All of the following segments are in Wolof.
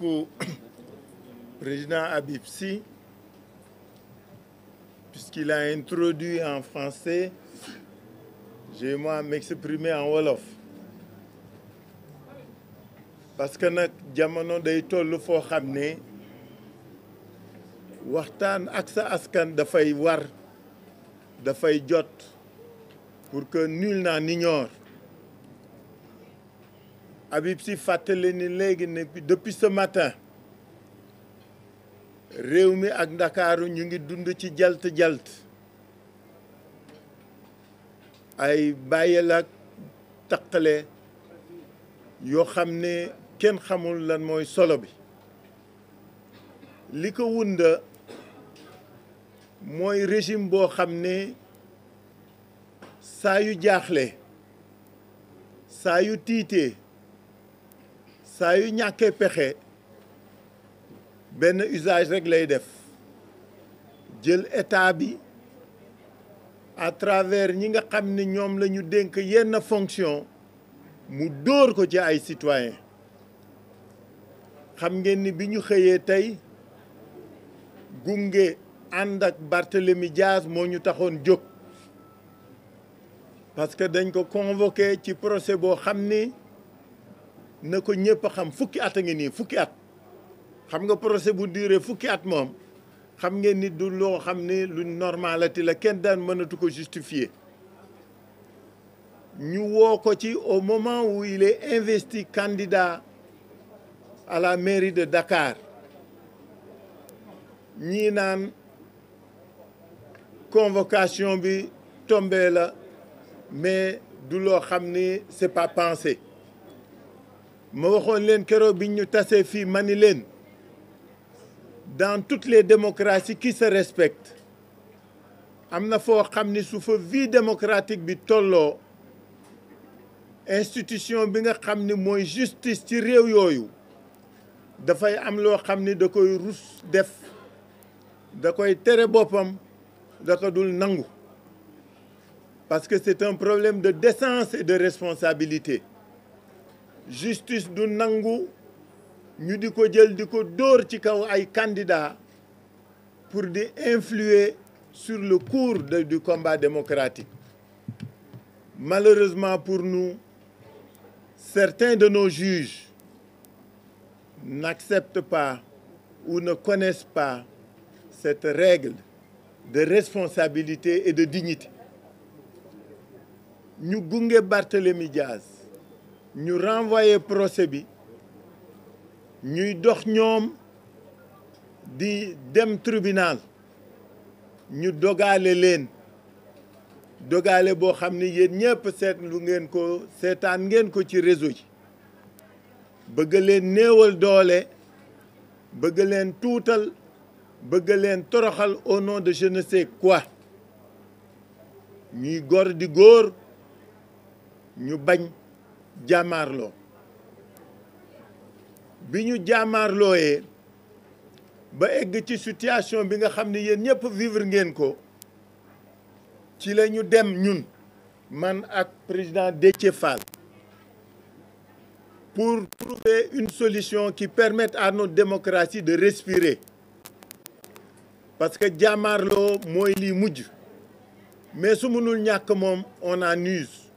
beaucoup président Habib Sy puisqu'il a introduit en français je vais moi m'exprimer en wolof parce que nag jamono day toll foo xam ne waxtaan ak askan dafay war dafay jot pour que nul n'en ignore Habib Sy fàttali ni léegi ne depuis sa matin réew mi ak ndakaaru ñu ngi dund ci jalt-jalt ay bàyyil ak taqale yoo xam ne kenn xamul lan mooy solo bi li ko wunda mooy régime boo xam ne saa yu jaaxle saa yu tiitee saa yu ñàkkee pexe benn usage rek lay def jël état bi à travers ñi nga xam ni ñoom lañu dénk yenn fonction mu dóor ko ci ay citoyen xam ngeen ni bi ñu xëyee tey gunge ànd ak Barthélemy Diaz moo ñu taxoon jóg parce que dañ ko convoqué ci procès boo xam ni na ko ñëpp a xam fukki at a ngi nii fukki at xam nga procès bu duré fukki at moom xam ngeen ni du loo xam ne lu normalati la kenn daan mënatu ko justifier ñu woo ko ci au moment où il est investi candidat à la mairie de Dakar ñii naan convocation bi tombé la mais du loo xam ni c'est pas pensé ma waxoon leen keroog bi ñu tasee fii ma ni leen dans toutes les démocraties ki se respectent am na foo xam ni su fa vie démocratique bi tolloo institution bi nga xam ni mooy justice ci réew yooyu dafay am loo xam ni da koy rus def da koy tere boppam da ko dul nangu parce que c'est un problème de décence et de responsabilité justice du nangu ñu di ko jël di ko door ci kaw ay candidats pour di influer sur le cours de, du combat démocratique malheureusement pour nous certains de nos juges n'acceptent pas ou ne connaissent pas cette règle de responsabilité et de dignité ñu gunge Barthélémy Diaz ñu renvoyer procès bi ñuy dox ñoom di dem tribunal ñu dogale leen dogale boo xam ne yéen ñëpp seetlu ngeen ko seetaan ngeen ko ci réseau yi bëgg leen néewal doole bëgg leen tuutal bëgg leen toroxal au de jeune ne sais quoi ñuy góor di góor ñu bañ jàmmaarloo bi ñu jàmmaarlooyee ba egg ci situation bi nga xam ni yéen ñëpp vivre ngeen ko ci la ñu dem ñun man ak président Déthié Fall pour trouver une solution qui permette à no démocratie de respirer parce que jàmmaarloo mooy li mujj mais su mënul ñàkk moom on en use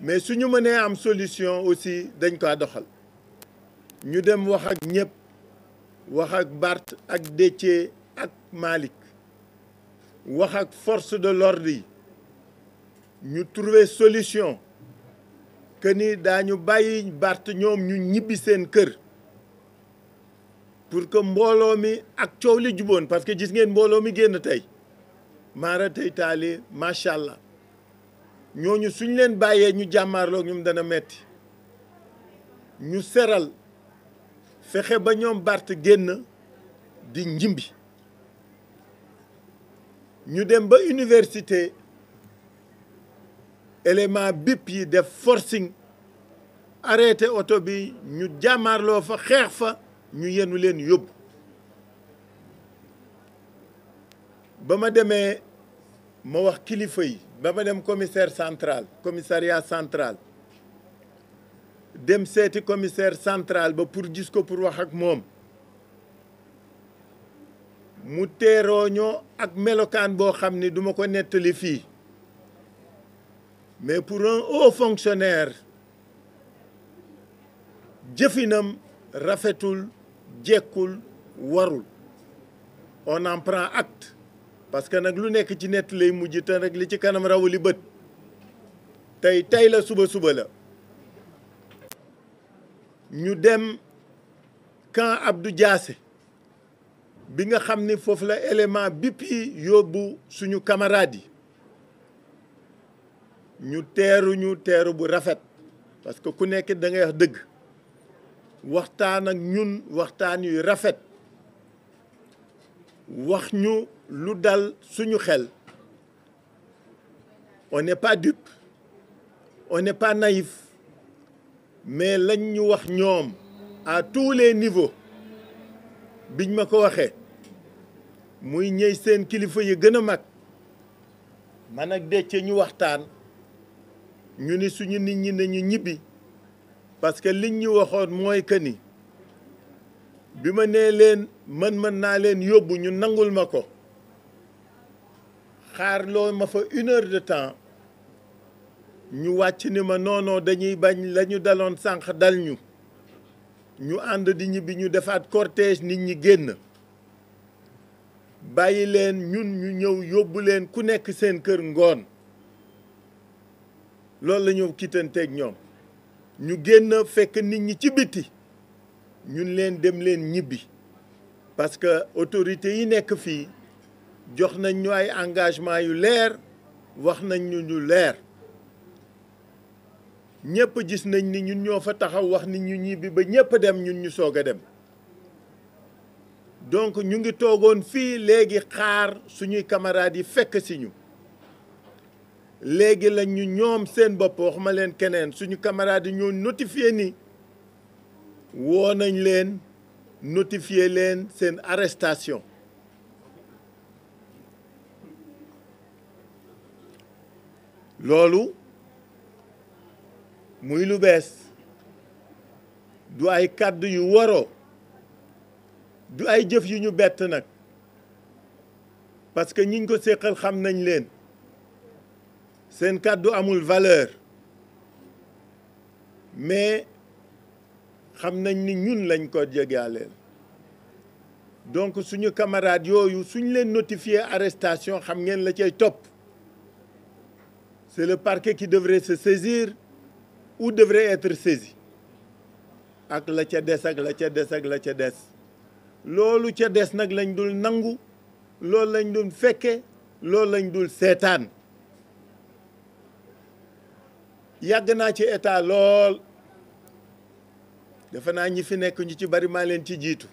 mais su ñu mënee am solution aussi dañ ko doxal ñu dem wax ak ñëpp wax ak Bart ak Déthié ak malik wax ak force de l'ordre yi ñu trouver solution que ni daañu bàyyi Bart ñoom ñu ñibbi seen kër pour que mbooloo mi ak coow li juboon parce que gis ngeen mbooloo mi génn tey maara tey taali macha allah. ñooñu suñ leen bàyyee ñu jàmmaarloo ñum dana metti ñu seral fexe ba ñoom Barth génn di njimbi ñu dem ba université élément BIP yi def forcing arrêté oto bi ñu jàmmaarloo fa xeex fa ñu yenu leen yóbbu ba ma demee ma wax kilifa yi ba ma dem commissaire central commissariat central dem seeti commissaire central ba pour gis ko pour wax ak moom mu teeroo teerooñoo ak melokaan boo xam ni duma ko nettali fii mais pour un haut fonctionnaire jëfinam rafetul jekkul warul on en prend acte parce que nag lu nekk ci nett lay mujj te rek li ci kanam rawuli bët tey tey la suba suba la ñu dem camp Abdou Diassé bi nga xam ni foofu la élément bipp yóbbu suñu camarades yi ñu teeru ñu teeru bu rafet parce que ku nekk da ngay dëgg waxtaan ak ñun waxtaan yuy rafet wax ñu lu dal suñu xel one n'est pas dupe on pas naïf mais lañ ñu wax ñoom à tous les niveaux biñ ma ko waxee muy ñëy seen kilifa yi gën a mag man ak Déthié ñu waxtaan ñu ni suñu nit ñi nañu ñibbi parce que liñ ñu waxoon mooy que ni bi ma nee leen mën mën naa leen yóbbu ñu nangul ma ko xaar loo ma fa une heure de temps ñu wàcc ni ma noonoo dañuy bañ lañu daloon sànq dal ñu ñu ànd di ñibbi ñu defaat cortège nit ñi génn bàyyi leen ñun ñu ñëw yóbbu leen ku nekk seen kër ngoon loolu la ñu kitanteeg ñoom ñu génn fekk nit ñi ci biti ñun leen dem leen ñibbi parce que autorité yi nekk fii jox nañ ñu ay engagement yu leer wax nañ ñu ñu leer ñëpp gis nañ ni ñun ñoo fa taxaw wax ni ñu ñibbi ba ñëpp dem ñun ñu soog a dem donc ñu ngi toogoon fii léegi xaar suñuy camarades yi fekk si ñu léegi la ñu ñoom seen bopp wax ma leen keneen suñu camarades yi ñoo notifié ni woo nañ leen notifié leen seen arrestation loolu muy lu bees du ay kàddu yu waroo du ay jëf yu ñu bett nag parce que ñiñ ko séqal xam nañ leen seen kàddu amul valeur mais xam nañ ni ñun lañ ko jegaaleel donc suñu camarade yooyu suñ leen notifié arrestation xam ngeen la ceey topp c'est le parquet qui devrait se saisir ou devrait être saisi ak la ca des ak la ca des la ca des loolu ca des nag lañ dul nangu loolu lañ dul fekke loolu lañ dul seetaan yàgg naa ci état lool defe naa ñi fi nekk ñu ci bari maa leen ci jiitu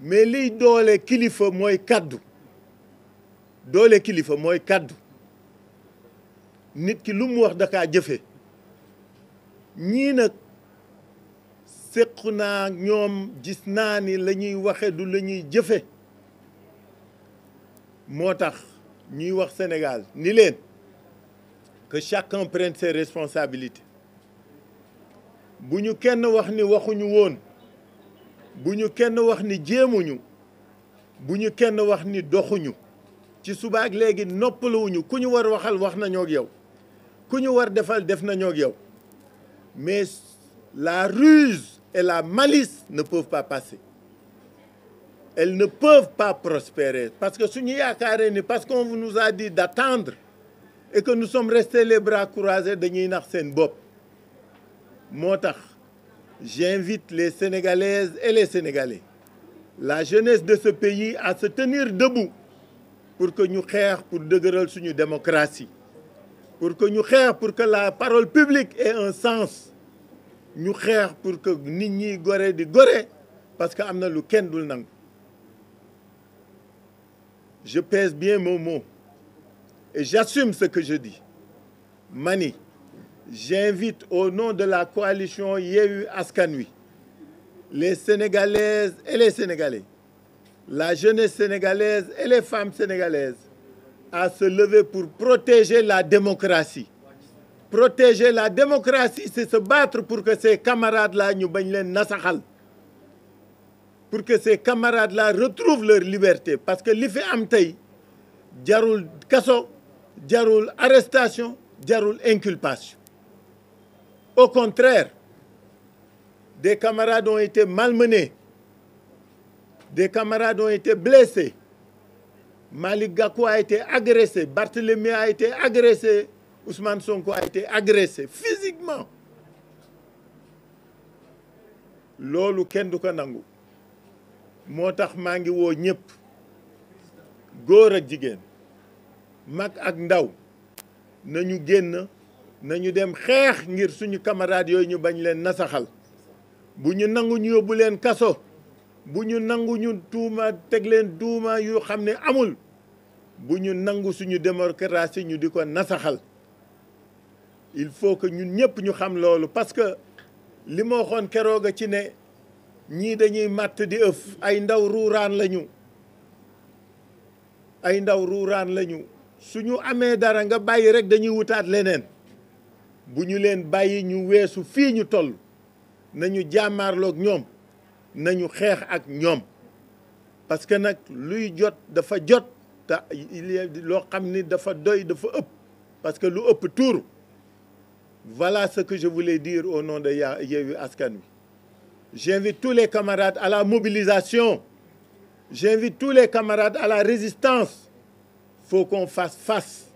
mais liy doole kilifa mooy kàddu doole kilifa mooy kàddu nit ki lu mu wax dakaa jëfe ñii nag séq naa ñoom gis naa ni lañuy ñuy waxe du la jëfe moo tax ñuy wax Sénégal ni leen que chacun prenne ses responsabilités bu ñu kenn wax ni waxuñu woon bu ñu kenn wax ni jéemuñu bu ñu kenn wax ni doxuñu ci subaak léegi noppaluwuñu ku ñu war waxal wax nañoo yow ku ñu war defal def nañoo yow mais la ruse et la malice ne peuvent pas passer elles ne peuvent pas prospérer parce que suñu yaakaaree ni parce qu'on nous a dit d'attendre et que nous sommes restés les bras croisés dañuy nax seen bopp moo tax j'invite les Sénégalaises et les Sénégalais la jeunesse de ce pays à se tenir debout pour que ñu xeex pour dëgëral suñu démocratie pour que ñu xeex pour que la parole publique ait un sens ñu xeex pour que nit ñi gore di gore parce que am na lu kenn dul nangu je pèse bien mon mot et j'assume ce que je dis mani j'invite au nom de la coalition Yewwi Askan Wi les Sénégalaises et les Sénégalais la jeunesse sénégalaise et les femmes sénégalaises à se lever pour protéger la démocratie protéger la démocratie c'est se battre pour que ces camarades là ñu bañ leen nasaxal pour que ces camarades là retrouvent leur liberté parce que li fi am tey jarul kaso jarul arrestation jarul inculpation au contraire des camarades ont été malmenés des camarades ont été blessés Malick Gakou a été agressé Barthélémy a été agressé Ousmane Sonko a été agressé physiquement loolu kenn du ko nangu moo tax maa ngi woo ñëpp góor ak jigéen mag ak ndaw nañu génn nañu dem xeex ngir suñu camarades yooyu ñu bañ leen nasaxal bu ñu nangu ñu yóbbu leen kaso bu ñu nangu ñu tuuma teg leen duuma yu xam ne amul bu ñu nangu suñu démocratie ñu di ko nasaxal il faut que ñun ñëpp ñu xam loolu parce que li ma waxoon keroog a ci ne ñii dañuy màtt di ëf ay ndaw ruuraan lañu ay ndaw ruuraan lañu suñu amee dara nga bàyyi rek dañuy wutaat leneen bu ñu leen bàyyi ñu weesu fii ñu toll nañu jàmmaarloog ñoom nañu xeex ak ñoom parce que nag luy jot dafa jot te loo xam ni dafa doy dafa ëpp parce que lu ëpp tuuru voilà ce que je voulais dire au nom de Yewwi Askan Wi j'invite tous les camarades à la mobilisation j'invite tous les camarades à la résistance faut qu'on fasse face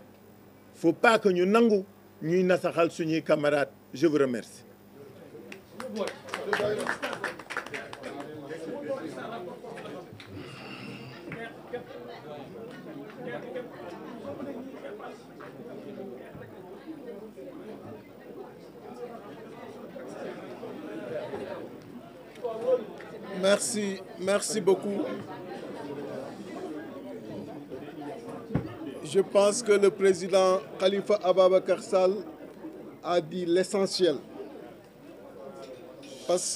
faut pas que ñu nangu ñuy nasaxal suñuy camarades je vous remercie Merci, merci beaucoup. Je pense que le président Khalifa Ababa Karsal a dit l'essentiel. Parce